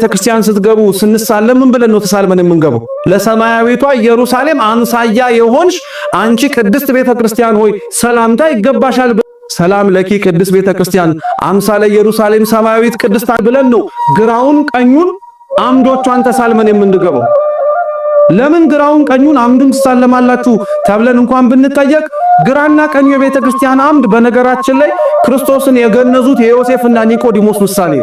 ቤተ ክርስቲያን ስትገቡ ስንሳለም ምን ብለን ነው ተሳልመን የምንገባው? ለሰማያዊቷ ኢየሩሳሌም አምሳያ የሆንሽ አንቺ ቅድስት ቤተ ክርስቲያን ሆይ ሰላምታ ይገባሻል። ሰላም ለኪ ቅድስት ቤተ ክርስቲያን አምሳለ ኢየሩሳሌም ሰማያዊት ቅድስት ብለን ነው ግራውን ቀኙን አምዶቿን ተሳልመን የምንገባው። ለምን ግራውን ቀኙን አምዱን ትሳለማላችሁ ተብለን እንኳን ብንጠየቅ ግራና ቀኙ የቤተ ክርስቲያን አምድ በነገራችን ላይ ክርስቶስን የገነዙት የዮሴፍና ኒቆዲሞስ ምሳሌ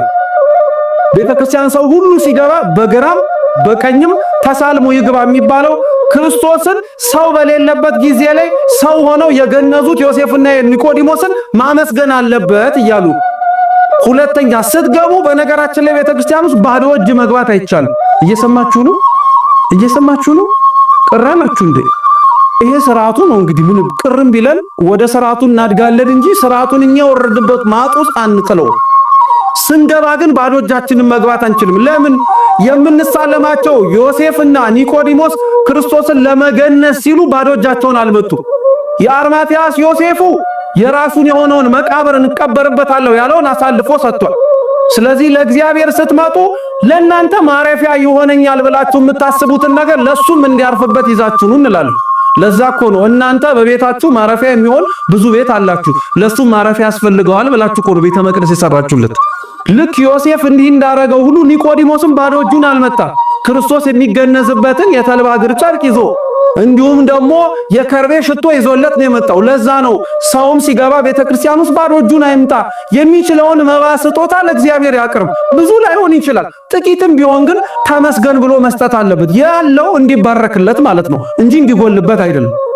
ቤተክርስቲያን ሰው ሁሉ ሲገባ በግራም በቀኝም ተሳልሞ ይግባ የሚባለው ክርስቶስን ሰው በሌለበት ጊዜ ላይ ሰው ሆነው የገነዙት ዮሴፍና ኒቆዲሞስን ማመስገን አለበት እያሉ ሁለተኛ ስትገቡ፣ በነገራችን ላይ ቤተክርስቲያን ውስጥ ባዶ እጅ መግባት አይቻልም። እየሰማችሁ ነው፣ እየሰማችሁ ነው። ቅራ እንዴ? ይሄ ስርዓቱ ነው። እንግዲህ ምንም ቅርም ቢለን ወደ ስርዓቱ እናድጋለን እንጂ ስርዓቱን እኛ ወረድበት ማጥ አንጥለው። ስንገባ ግን ባዶ እጃችንን መግባት አንችልም። ለምን? የምንሳለማቸው ዮሴፍና ኒቆዲሞስ ክርስቶስን ለመገነስ ሲሉ ባዶ እጃቸውን አልመጡም። የአርማትያስ ዮሴፉ የራሱን የሆነውን መቃብር እንቀበርበታለሁ ያለውን አሳልፎ ሰጥቷል። ስለዚህ ለእግዚአብሔር ስትመጡ ለእናንተ ማረፊያ ይሆነኛል ብላችሁ የምታስቡትን ነገር ለሱም እንዲያርፍበት ይዛችሁ ነው እንላለን። ለዛ እኮ ነው እናንተ በቤታችሁ ማረፊያ የሚሆን ብዙ ቤት አላችሁ፣ ለሱም ማረፊያ ያስፈልገዋል ብላችሁ እኮ ነው ቤተ መቅደስ የሰራችሁለት። ልክ ዮሴፍ እንዲህ እንዳረገው ሁሉ ኒቆዲሞስም ባዶ እጁን አልመጣ። ክርስቶስ የሚገነዝበትን የተልባ እግር ጨርቅ ይዞ እንዲሁም ደግሞ የከርቤ ሽቶ ይዞለት ነው የመጣው። ለዛ ነው ሰውም ሲገባ ቤተክርስቲያን ውስጥ ባዶ እጁን አይምጣ። የሚችለውን መባ ስጦታ ለእግዚአብሔር ያቅርብ። ብዙ ላይሆን ይችላል፣ ጥቂትም ቢሆን ግን ተመስገን ብሎ መስጠት አለበት። ያለው እንዲባረክለት ማለት ነው እንጂ እንዲጎልበት አይደለም።